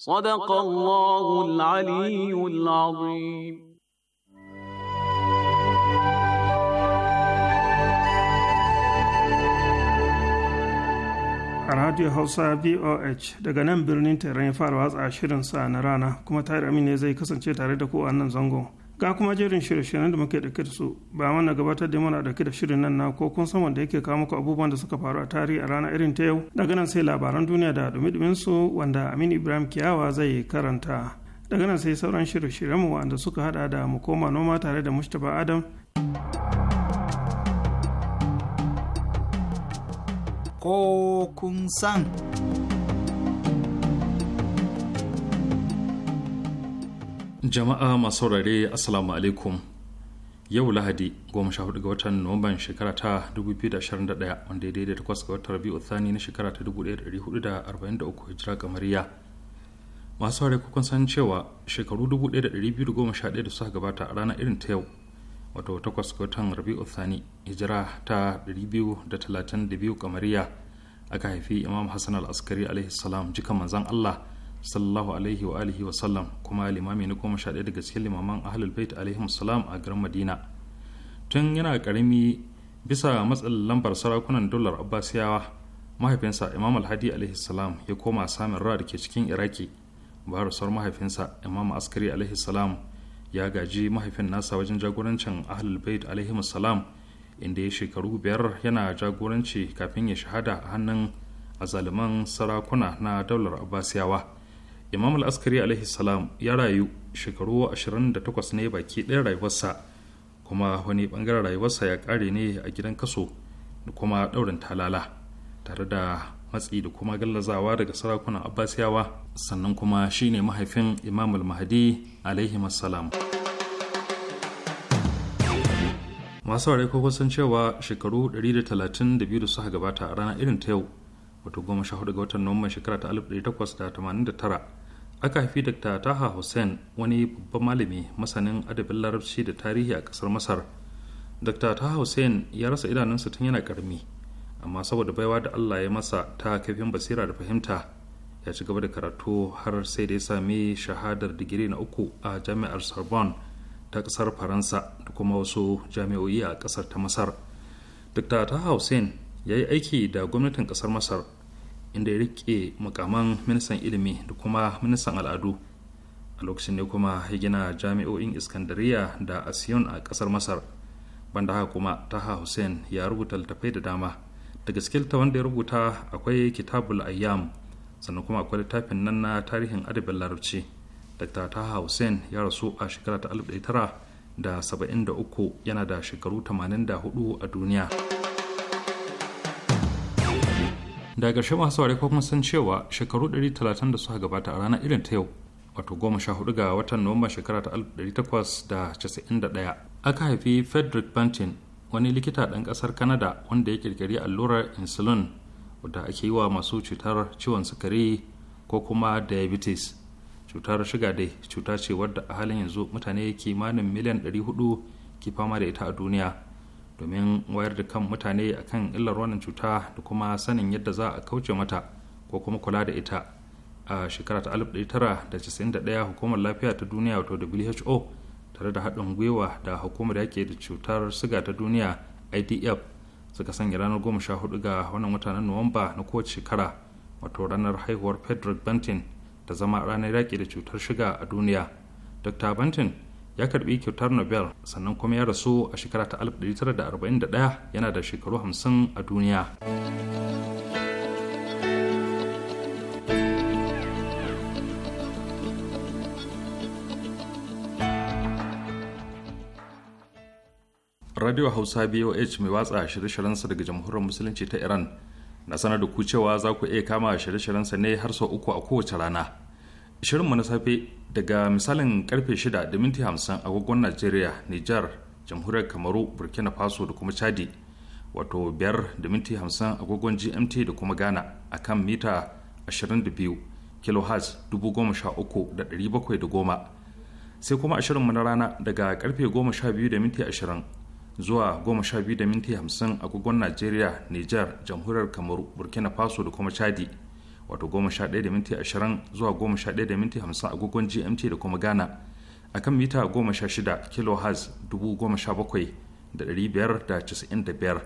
صدق الله العلي العظيم a radio hausa voh daga nan birnin tehran ya fara watsa shirin sa na rana kuma tare ne zai kasance tare da ku a nan zangon ga kuma jerin shirye-shiryen da muke dauke da su ba mana gabatar da muna dauke da shirin nan na ko kun san wanda yake kawo muku abubuwan da suka faru a tarihi a rana irin ta yau daga nan sai labaran duniya da dumi su wanda amin Ibrahim Kiyawa zai karanta daga nan sai sauran shirye-shiryen mu wanda suka hada da mu koma noma tare da Mustapha Adam ko kun san jama'a masu saurare assalamu alaikum yau lahadi 14 ga watan nuwamban shekara ta 2021 wanda ya daidai takwas ga watan rabi'u thani na shekara ta 1443 hijira kamariya masu saurare kukun san cewa shekaru 1211 da suka gabata a ranar irin ta yau wato takwas ga watan rabi'u thani hijira ta 232 kamariya aka haifi imam hassan al-askari alaihi salam jikan manzan allah sallallahu alaihi wa alihi wa sallam kuma limami na goma sha ɗaya daga cikin limaman ahlul bait alaihi salam a garin madina tun yana karami bisa matsin lambar sarakunan dolar abbasiyawa mahaifinsa imam alhadi alaihi salam ya koma samun ra da ke cikin iraki bayan sar mahaifinsa imam askari alaihi salam ya gaji mahaifin nasa wajen jagorancin ahlul bait alaihi salam inda ya shekaru biyar yana jagoranci kafin ya shahada a hannun azaliman sarakuna na daular abbasiyawa imam al'askari askari alaihi salam ya rayu shekaru 28 ne baki ɗaya rayuwarsa kuma wani bangaren rayuwarsa ya ƙare ne a gidan kaso da kuma ɗaurin talala tare da matsi da kuma gallazawa daga sarakunan abbasiyawa sannan kuma shine mahaifin imam al-mahdi alaihi salam. masu ware ko san cewa shekaru 132 da suka gabata a ranar irin ta yau wato 14 ga watan nuwamban shekara ta 1889 aka haifi dr taha hussein wani babban malami masanin adabin larabci da tarihi a kasar masar dr taha hussein ya rasa idanunsa tun yana karmi amma saboda baiwa da allah ya masa ta kaifin basira da fahimta ya ci gaba da karatu har sai da ya sami shahadar digiri na uku a jami'ar sorbonne ta kasar faransa da kuma wasu jami'o'i a kasar ta masar dr taha hussein ya yi aiki da gwamnatin kasar masar inda ya rike mukaman ministan ilimi da kuma ministan al'adu a lokacin ne kuma ya gina jami'o'in iskandariya da asiyon a kasar masar banda haka kuma taha hussein ya rubuta littattafai da dama daga skilta wanda ya rubuta akwai kitabul ayyam sannan kuma akwai littafin nan na tarihin adabin larabci dr taha hussein ya rasu a shekara ta 1973 yana da shekaru 84 a duniya. da ƙarshe masu ware kuma san cewa shekaru 130 da suka gabata a ranar irin ta yau wato 14 ga watan nuwamba shekara ta 1891 aka haifi frederick bantin wani likita ɗan ƙasar canada wanda ya kirkiri allurar insulin wadda ake yi wa masu cutar ciwon sukari ko kuma diabetes cutar shiga dai cuta ce wadda a halin yanzu mutane kimanin miliyan 400 ke fama da ita a duniya domin wayar da kan mutane akan illar wannan cuta da kuma sanin yadda za a kauce mata ko kuma kula da ita a shekara ta 1991 hukumar lafiya ta duniya wato who tare da haɗin gwiwa da hukumar yake da cutar siga ta duniya idf suka sanya ranar 14 ga wannan wata na nuwamba na kowace shekara wato ranar haihuwar frederick bantin ta zama ranar yaƙi da cutar shiga a duniya dr bantin ya karbi kyautar nobel sannan kuma ya rasu a shekara ta 1941 yana da shekaru 50 a duniya radio hausa boh mai watsa shirye sa daga jamhuriyar musulunci ta iran na sanar da ku cewa za ku iya kama shirye sa ne har sau uku a kowace rana shirinmu na safe daga misalin karfe 6 da minti 50 agogon najeriya Niger jamhuriyar kamaru burkina faso da kuma chadi wato 5 da minti 50 agogon gmt da kuma ghana a kan mita 22 kilohertz 13710 sai kuma a shirinmu na rana daga karfe 12 da minti 20 zuwa 12 da minti 50 agogon najeriya Niger jamhuriyar kamaru burkina faso da kuma chadi wato 11:20 zuwa 11:50 da agogon gmt da kuma ghana a kan mita 16 kilohertz 17,595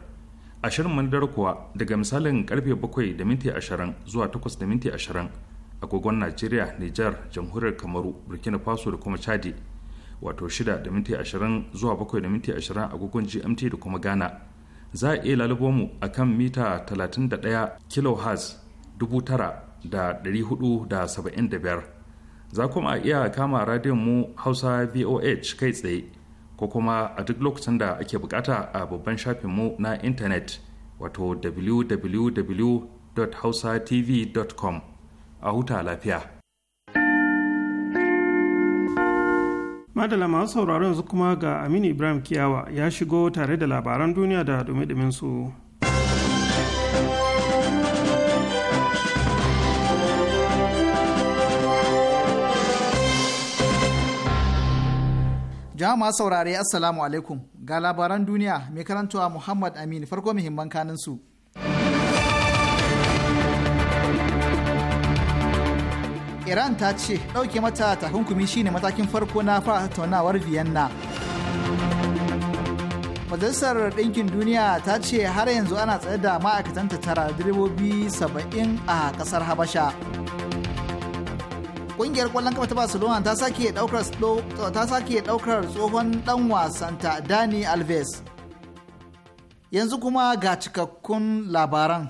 a shirin mandar kuwa daga misalin karfe 7:20 zuwa 8:20 agogon najeriya niger jamhuriyar kamaru burkina faso da kuma chadi wato 6:20 zuwa 7:20 agogon gmt da kuma ghana za a iya lalubo mu a kan mita 31 kilohertz biyar za kuma iya kama radiyon mu hausa voh kai tsaye ko kuma a duk lokacin da ake bukata a babban mu na intanet wato www.hausatv.com a huta lafiya. Madala masu sauraron yanzu kuma ga Aminu Ibrahim Kiyawa ya shigo tare da labaran duniya da dumi su. Jama'a saurare Assalamu alaikum ga labaran duniya mai karantawa Muhammad Amin farko muhimman kanin su. Iran ta ce ɗauke mata takunkumi shine matakin farko na fara tattaunawar Vienna. Majalisar Ɗinkin Duniya ta ce har yanzu ana tsaye da ma'aikatanta tara direbobi saba'in a ƙasar Habasha. kungiyar kwallon kafa ta barcelona ta sake daukar ta sake daukar tsohon dan wasanta dani alves yanzu kuma ga cikakkun labaran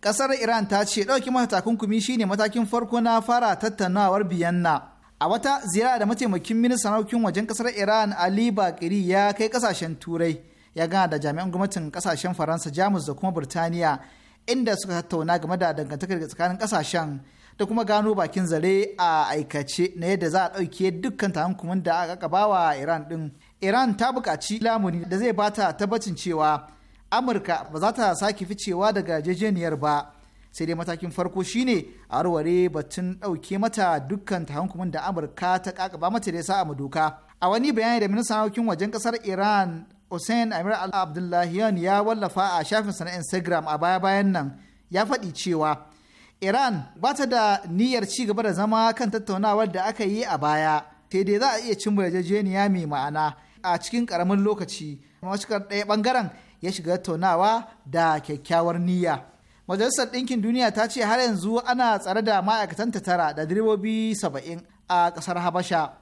kasar iran ta ce ɗauki mata takunkumi shine matakin farko na fara tattaunawar biyanna a wata ziyara da mataimakin ministan harkokin wajen kasar iran ali bakiri ya kai kasashen turai ya gana da jami'an gwamnatin kasashen faransa jamus da kuma burtaniya inda suka tattauna game da dangantakar tsakanin kasashen da kuma gano bakin zare a aikace na yadda za a ɗauke dukkan hankumin da aka kaba wa Iran ɗin. Iran ta buƙaci lamuni da zai bata tabbacin cewa Amurka ba za ta sake ficewa daga jejeniyar ba. Sai dai matakin farko shine a warware batun ɗauke mata dukkan hankumin da Amurka ta kakaba mata da ya sa a doka. A wani bayani da ministan harkokin wajen ƙasar Iran Hussein Amir Abdullahian ya wallafa a shafinsa na Instagram a baya-bayan nan ya faɗi cewa Iran ba ta da niyyar ci gaba da zama kan tattaunawar da aka yi a baya, sai dai za a iya cimma yarjejeniya mai ma'ana a cikin karamin lokaci, mashikar ɗaya bangaren ya shiga tattaunawa da kyakkyawar niyya. Majalisar Ɗinkin Duniya ta ce har yanzu ana tsare da ma'aikatanta tara da direbobi saba'in a ƙasar Habasha.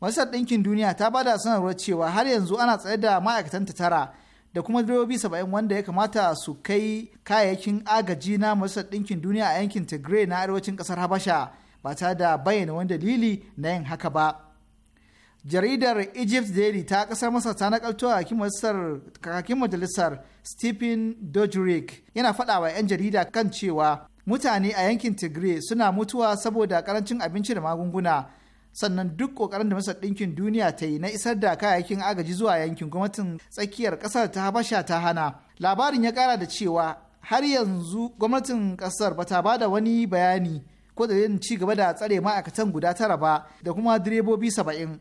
Majalisar Ɗinkin Duniya ta ba da sanarwar cewa har yanzu ana tsare da ma'aikatan ta tara da kuma direbobi saba'in wanda ya kamata su kai kayayyakin agaji na majalisar ɗinkin duniya a yankin tigray na arewacin ƙasar habasha ba ta da bayyana wani dalili na yin haka ba jaridar egypt daily ta kasar masar ta nakalto a kakakin majalisar stephen dodgerick yana faɗa wa 'yan jarida kan cewa mutane a yankin tigray suna mutuwa saboda karancin abinci da magunguna sannan duk kokarin da masar ɗinkin duniya ta yi na isar da kayayyakin agaji zuwa yankin gwamnatin tsakiyar ƙasar ta habasha ta hana labarin ya kara da cewa har yanzu gwamnatin ƙasar ba ta ba da wani bayani ko da yin ci gaba da tsare ma'aikatan guda tara ba da kuma direbobi saba'in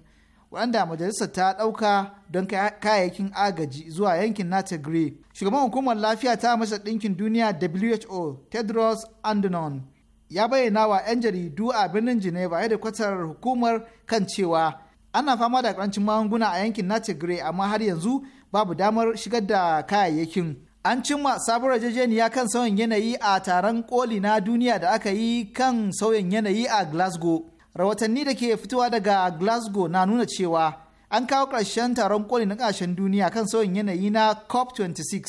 waɗanda majalisar ta ɗauka don kayayyakin agaji zuwa yankin nata gray Shugaban hukumar lafiya ta Majalisar Ɗinkin Duniya WHO Tedros Adhanom ya bayyana wa 'yan jaridu a birnin Geneva yadda kwatar hukumar kan cewa ana fama da karancin magunguna a yankin na Tigray amma har yanzu babu damar shigar da kayayyakin. An cimma sabuwar yarjejeniya kan sauyin yanayi a taron koli na duniya da aka yi kan sauyin yanayi a Glasgow. Rahotanni da ke fitowa daga Glasgow na nuna cewa an kawo ƙarshen taron koli na ƙarshen duniya kan sauyin yanayi na COP26.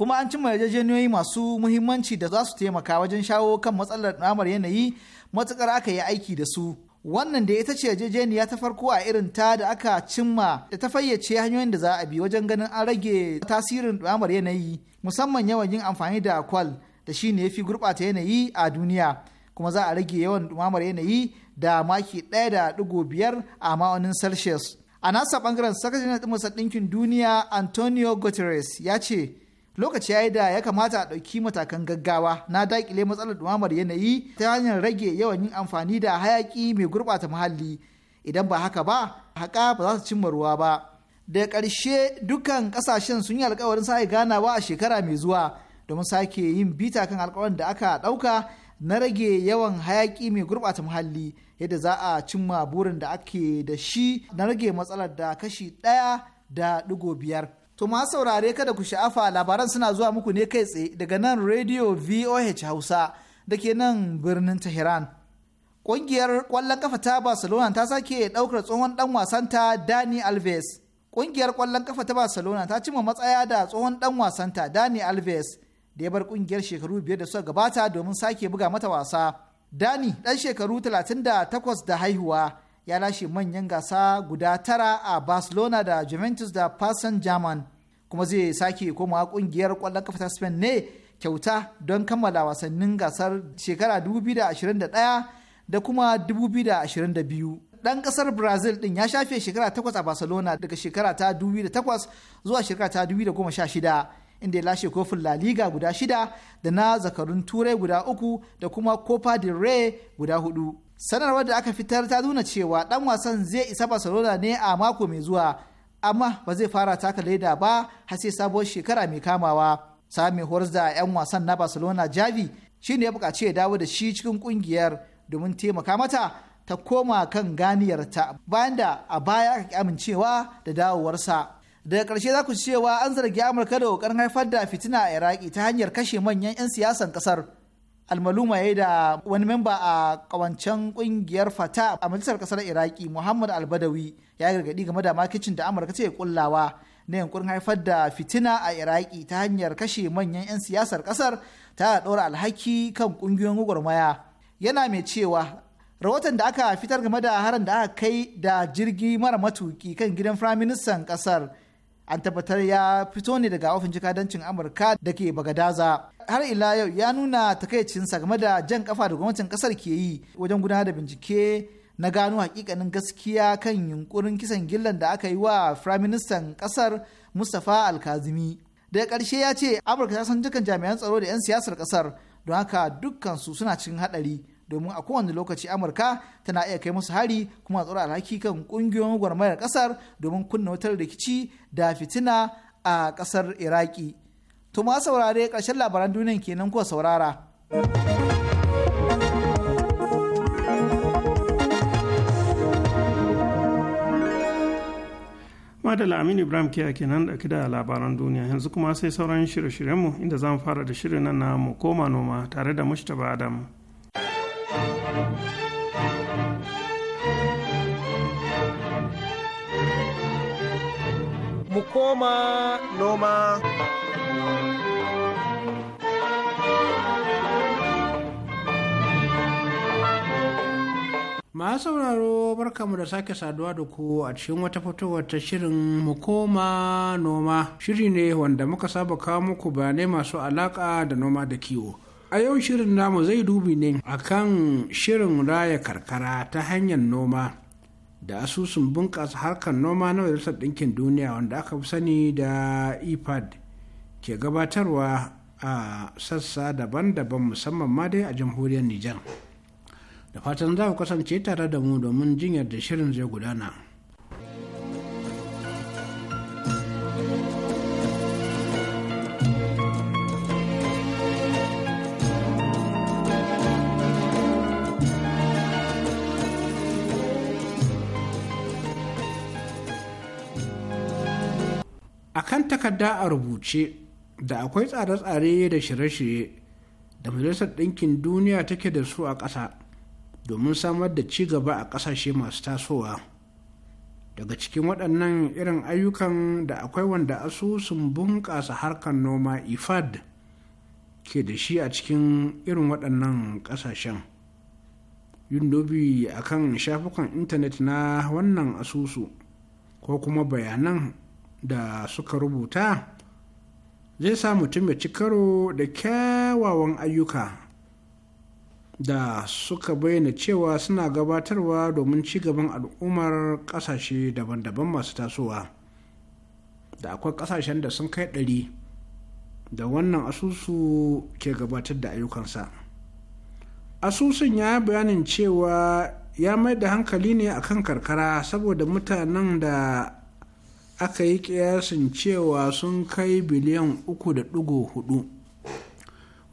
kuma an cimma yarjejeniyoyi masu muhimmanci da za su taimaka wajen shawo kan matsalar ɗumamar yanayi matukar aka yi aiki da su wannan da ita ce yarjejeniya ta farko a irin ta da aka cimma da ta fayyace hanyoyin da za a bi wajen ganin an rage tasirin ɗumamar yanayi musamman yawan yin amfani da kwal da shi ne ya fi gurɓata yanayi a duniya kuma za a rage yawan ɗumamar yanayi da maki ɗaya da ɗigo biyar a ma'aunin celsius a nasa ɓangaren sakataren ɗinkin duniya antonio guterres ya ce lokaci ya yi da ya kamata a ɗauki matakan gaggawa na daƙile matsalar ɗumamar yanayi ta hanyar rage yawan yin amfani da hayaƙi mai gurɓata muhalli idan ba haka ba haƙa ba za su cimma ruwa ba da ƙarshe dukkan ƙasashen sun yi alƙawarin sake ganawa a shekara mai zuwa domin sake yin bita kan alƙawarin da aka ɗauka na rage yawan hayaƙi mai gurɓata muhalli yadda za a cimma burin da ake da shi na rage matsalar da kashi ɗaya da ɗigo biyar To ma saurare kada ku sha'afa labaran suna zuwa muku ne kai tsaye daga nan Radio VOH Hausa da ke nan birnin Tehran. Ƙungiyar ƙwallon kafa ta Barcelona ta sake ɗaukar tsohon ɗan wasanta Dani Alves. Ƙungiyar ƙwallon kafa ta Barcelona ta cimma matsaya da tsohon ɗan wasanta Dani Alves da ya bar ƙungiyar shekaru biyar da suka gabata domin sake buga mata wasa. Dani ɗan shekaru 38 da haihuwa ya lashe manyan gasa guda tara a barcelona da juventus da pasan german kuma zai sake komawa kungiyar kwallon kafa ta spain ne kyauta don kammala wasannin gasar shekara 2021 da kuma 2022 dan kasar brazil din ya shafe shekara takwas a barcelona daga shekara ta 2008 zuwa shekara ta 2016 inda ya lashe kofin La Liga guda shida da na zakarun Turai guda uku da kuma Copa del Rey guda hudu. Sanarwar da aka fitar ta nuna cewa dan wasan zai isa Barcelona ne a mako mai zuwa amma ba zai fara taka leda ba har sai sabuwar shekara mai kamawa. Sami horas da 'yan wasan na Barcelona Javi shi ne ya buƙaci ya dawo da shi cikin ƙungiyar domin taimaka mata ta koma kan ganiyarta bayan da a baya aka amincewa da dawowarsa. daga ƙarshe za ku ci cewa an zargi amurka da ƙoƙarin haifar da fitina a iraki ta hanyar kashe manyan 'yan siyasan ƙasar almaluma ya da wani memba a ƙawancen ƙungiyar fata a majalisar ƙasar iraki muhammad albadawi ya gargaɗi game da makicin da amurka ce kullawa na yankurin haifar da fitina a iraki ta hanyar kashe manyan 'yan siyasar ƙasar ta ɗora alhaki kan ƙungiyoyin gwagwarmaya yana mai cewa rahoton da aka fitar game da harin da aka kai da jirgi mara matuki kan gidan firaministan ƙasar an tabbatar ya fito ne daga ofin jikadancin amurka da ke bagadaza har ila yau ya nuna takaicinsa game da jan kafa da gwamnatin kasar ke yi wajen gudanar da bincike na gano hakikanin gaskiya kan yunkurin kisan gillan da aka yi wa firaministan kasar mustapha alkazimi daga karshe ya ce amurka ta san dukkan jami'an tsaro da 'yan siyasar kasar don haka dukkan su suna cikin haɗari domin a kowane lokaci amurka tana iya kai musu hari kuma tsoron alhaki kan kungiyoyin gwarmayar kasar domin kunna wutar rikici da fitina a kasar iraki to ma saurare karshen labaran duniyan kenan kuwa saurara madala aminu ibrahim kiya kenan ɗauki da labaran duniya yanzu kuma sai sauran shirye-shiryenmu inda zan fara da shirin nan na mu koma noma tare da mushtaba adam Mu koma noma. Ma sauraro barkamu da sake saduwa da ku a cikin wata fitowar ta shirin mu koma noma shiri ne wanda muka saba kawo muku bayanai masu alaka da noma da kiwo A yau shirin namu zai dubi ne a kan shirin raya karkara ta hanyar noma da asusun bunƙasa harkar noma na Majalisar Ɗinkin Duniya wanda aka fi sani da IPAD e ke gabatarwa a sassa daban-daban musamman ma dai a jamhuriyar Nijar. Da fatan za ku kasance tare da mu domin jinyar da shirin zai gudana. takarda a rubuce da akwai tsare-tsare da shirye-shirye da majalisar ɗinkin duniya take da su a ƙasa domin samar da ci gaba a ƙasashe masu tasowa daga cikin waɗannan irin ayyukan da akwai wanda asusun bunƙasa harkar noma ifad ke da shi a cikin irin waɗannan ƙasashen yin dobi a kan shafukan intanet na wannan asusu ko kuma bayanan da suka rubuta zai sa mutum ya ci karo da kyawawan ayyuka da suka bayyana cewa suna gabatarwa domin ci gaban al'ummar ƙasashe daban-daban masu tasowa da akwai ƙasashen da sun kai ɗari da wannan asusu ke gabatar da ayyukansa asusun ya bayanin cewa ya mai da hankali ne akan karkara saboda mutanen da aka yi kiyasin cewa sun kai biliyan 3.4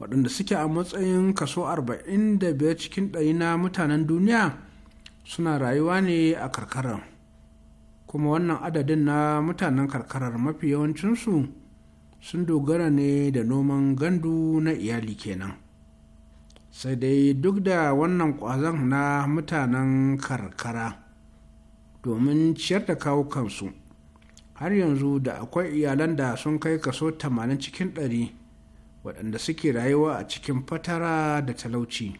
waɗanda suke a matsayin kaso 45 cikin ɗari na mutanen duniya suna rayuwa ne a karkarar kuma wannan adadin na mutanen karkarar mafi yawancinsu sun dogara ne da noman gandu na iyali kenan sai dai duk da wannan kwazon na mutanen karkara domin ciyar da kawo kansu har yanzu da akwai iyalan da sun kai kaso 80 cikin 100 waɗanda suke rayuwa a cikin fatara da talauci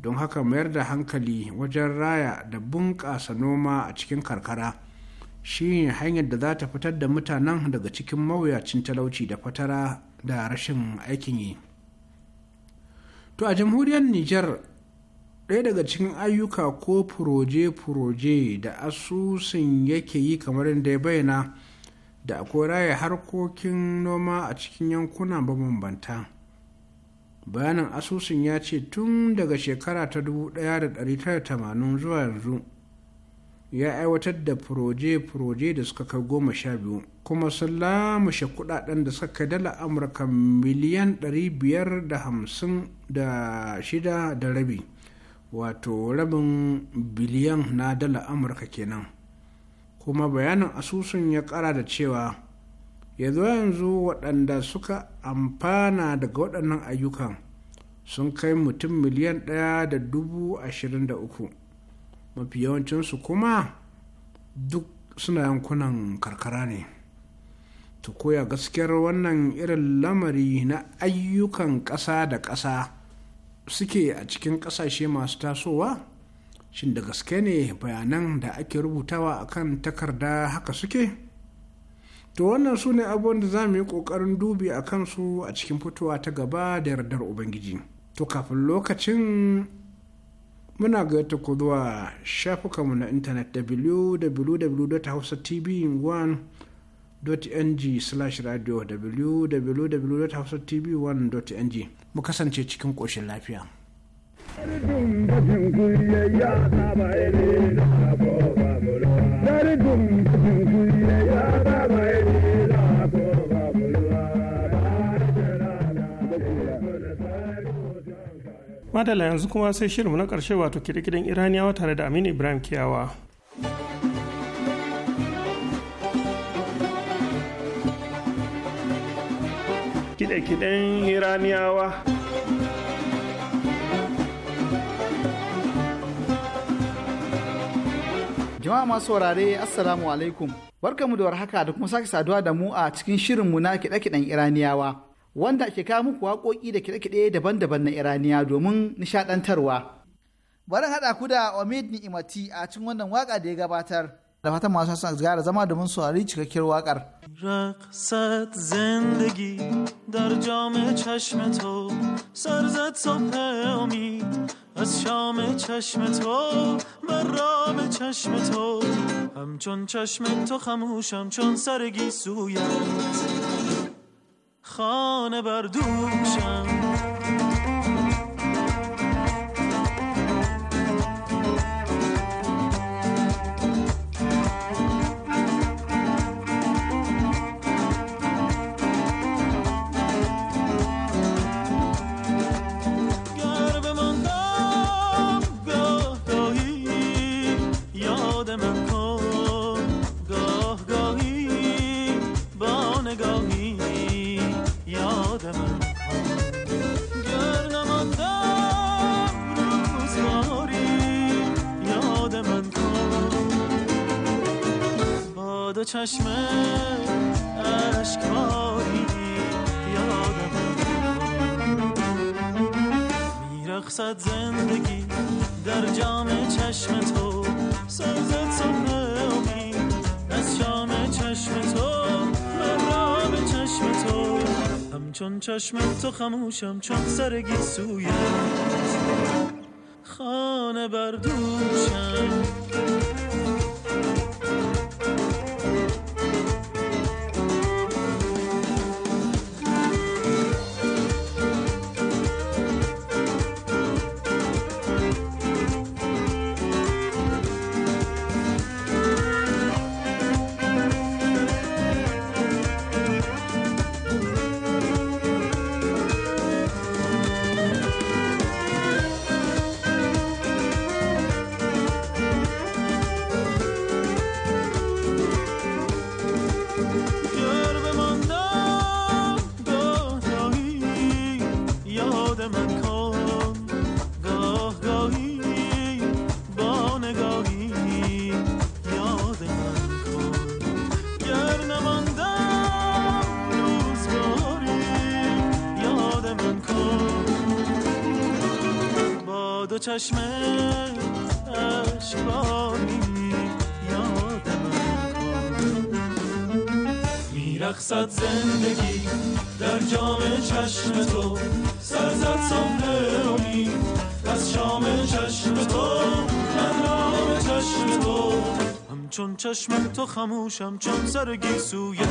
don haka mayar da hankali wajen raya da bunƙasa noma a cikin karkara shi ne hanyar da za ta fitar da mutanen daga cikin mawuyacin talauci da fatara da rashin aikin yi to a jamhuriyar niger ɗaya daga cikin ayyuka ko furoje-furoje da asusun yake yi kamar yadda ya bayyana da akwai raya harkokin noma a cikin yankuna mabambanta bayanin asusun ya ce tun daga shekara ta 1980 zuwa yanzu ya aiwatar da furoje-furoje da suka kai goma sha biyu kuma sun lamushe kudaden da suka kai dala amurka miliyan 556 da rabi wato rabin biliyan na dala amurka kenan kuma bayanin asusun ya kara da cewa ya yanzu waɗanda suka amfana daga waɗannan ayyukan sun kai mutum miliyan ɗaya da dubu ashirin da uku mafi yawancinsu kuma duk suna yankunan karkara ne ta koya gaskiyar wannan irin lamari na ayyukan ƙasa da ƙasa suke a cikin ƙasashe masu tasowa shin da gaske ne bayanan da ake rubutawa akan takarda haka suke to wannan su ne abubuwan da za mu yi ƙoƙarin dubi a kansu a cikin fitowa ta gaba da yardar ubangiji to kafin lokacin muna gayyata ku zuwa shafukanmu na intanet www.hausatv1.ng/radio www.hausatv1.ng mu kasance cikin ƙoshin lafiya. Madala yanzu kuma sai shirinmu na ƙarshe wato kiɗe-kiɗen Iraniyawa tare da Aminu Ibrahim Kiyawa. kiɗe-kiɗen iraniyawa jama'a masu saurare assalamu alaikum mu da warhaka da kuma sake saduwa da mu a cikin shirinmu na kiɗe-kiɗen iraniyawa wanda ke kawo muku waƙoƙi da kiɗe-kiɗe daban-daban na iraniya domin nishaɗantarwa bari haɗa ku da omid ni'imati a cikin wannan waka da ya gabatar da fatan masu son gara zama domin saurari cikakkiyar wakar. رقصت زندگی در جام چشم تو سر زد صبح امید از شام چشم تو بر رام چشم تو همچون چشم تو خموشم چون سرگی سویت خانه بر دوشم چشم یادم میرقصد زندگی در جام چشم تو سز صبح از شام چشم تو به چشم تو همچون چشم تو خموشم چون سرگی سوی خانه بردوشم چشم عشقانی یادم زندگی در جام چشم تو سرزد سهرانی از شام چشم تو من چشم تو همچون چشم تو خموشم چون سرگی سویت.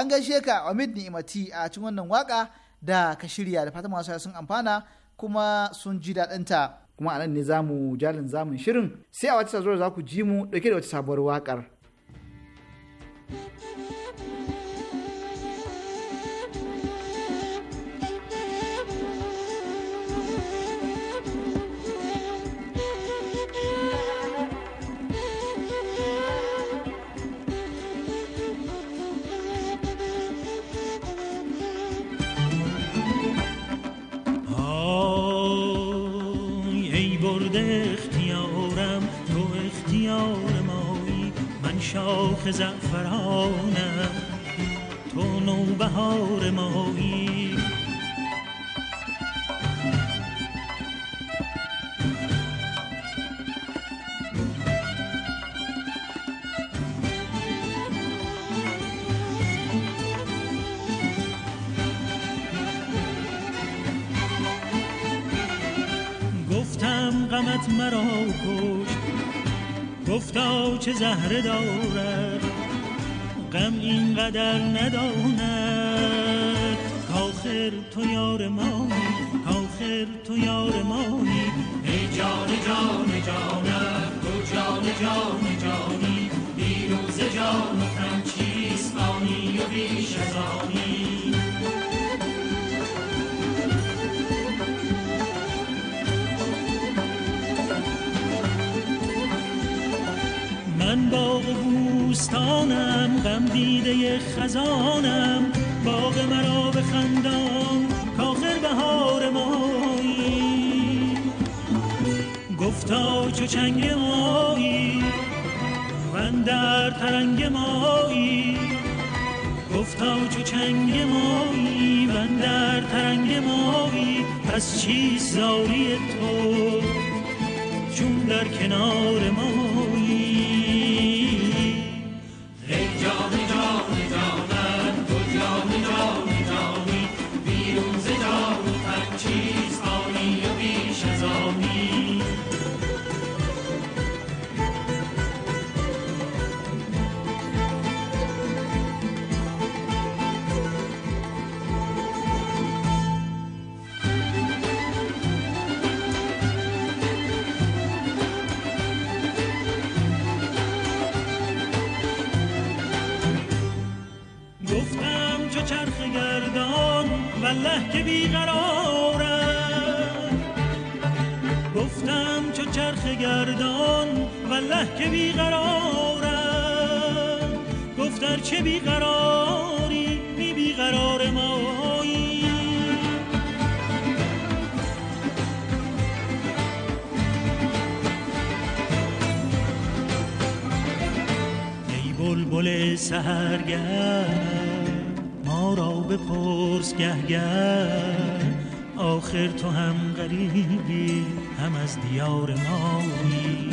an gaishe ka Omid Ni'imati a cikin wannan waka da ka shirya da fatan masu sun amfana kuma sun ji daɗin ta kuma anan ne zamu jalin zamun shirin sai a wata sazuwar za ku ji mu dauke da wata sabuwar wakar. thank you شاخ زعفرانم تو نوبهار ماهی گفتم غمت مرا کشت گفتا چه زهره دارد غم اینقدر نداند کاخر تو یار مانی کاخر تو یار مانی ای جان جان جانم تو جان جان جانی بیروز جان و تن چیست و بیش از باغ بوستانم غم دیده خزانم باغ مرا به خندان کاخر بهار مایی گفتا چو چنگ مایی من در ترنگ مایی گفتا چو چنگ مایی من در ترنگ مایی پس چیست زاری تو چون در کنار ما گردان له که بیقرارم گفتم چو چرخ گردان له که بیقرارم گفت در چه بیقراری می بیقرار مایی ای بلبل سهرگرد بپرس گهگه آخر تو هم غریبی هم از دیار مایی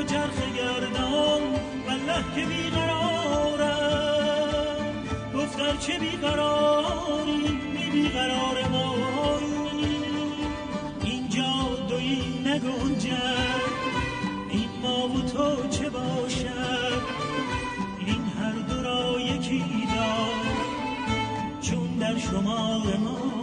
چو چرخ گردان والله که بیقرارم گفت چه بیقراری بی بیقرار ما اینجا دویی نگنجد این ما و تو چه باشد این هر دو را یکی دار چون در شما ما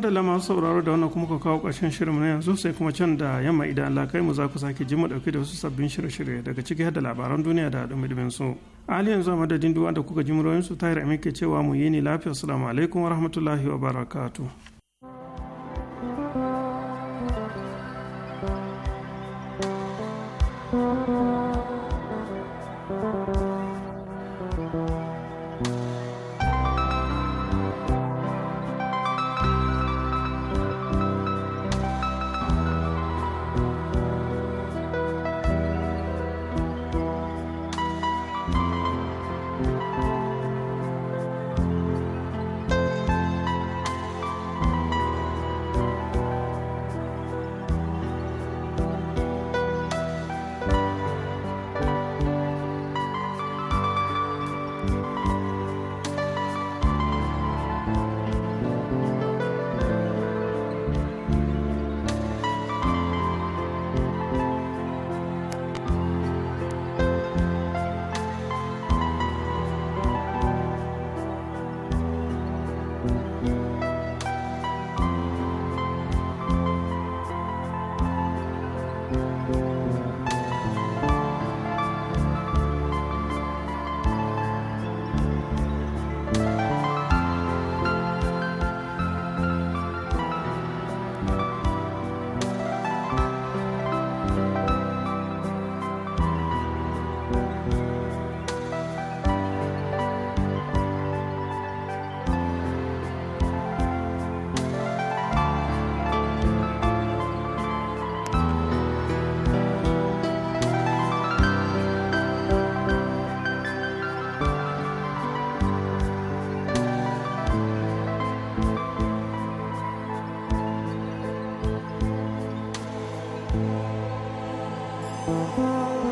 da masu sauraro da wannan kuma ka kawo ƙarshen shirin na yanzu sai kuma can da yamma idan Allah kai mu za ku sake ji mu dauke da wasu sabbin shirye-shirye daga ciki da labaran duniya da dumi-dumin su. Ali yanzu a madadin duwa da kuka ji muryoyin su tahir amin ke cewa mu yi ni lafiya assalamu alaikum wa rahmatullahi wa barakatuh. Mm-hmm.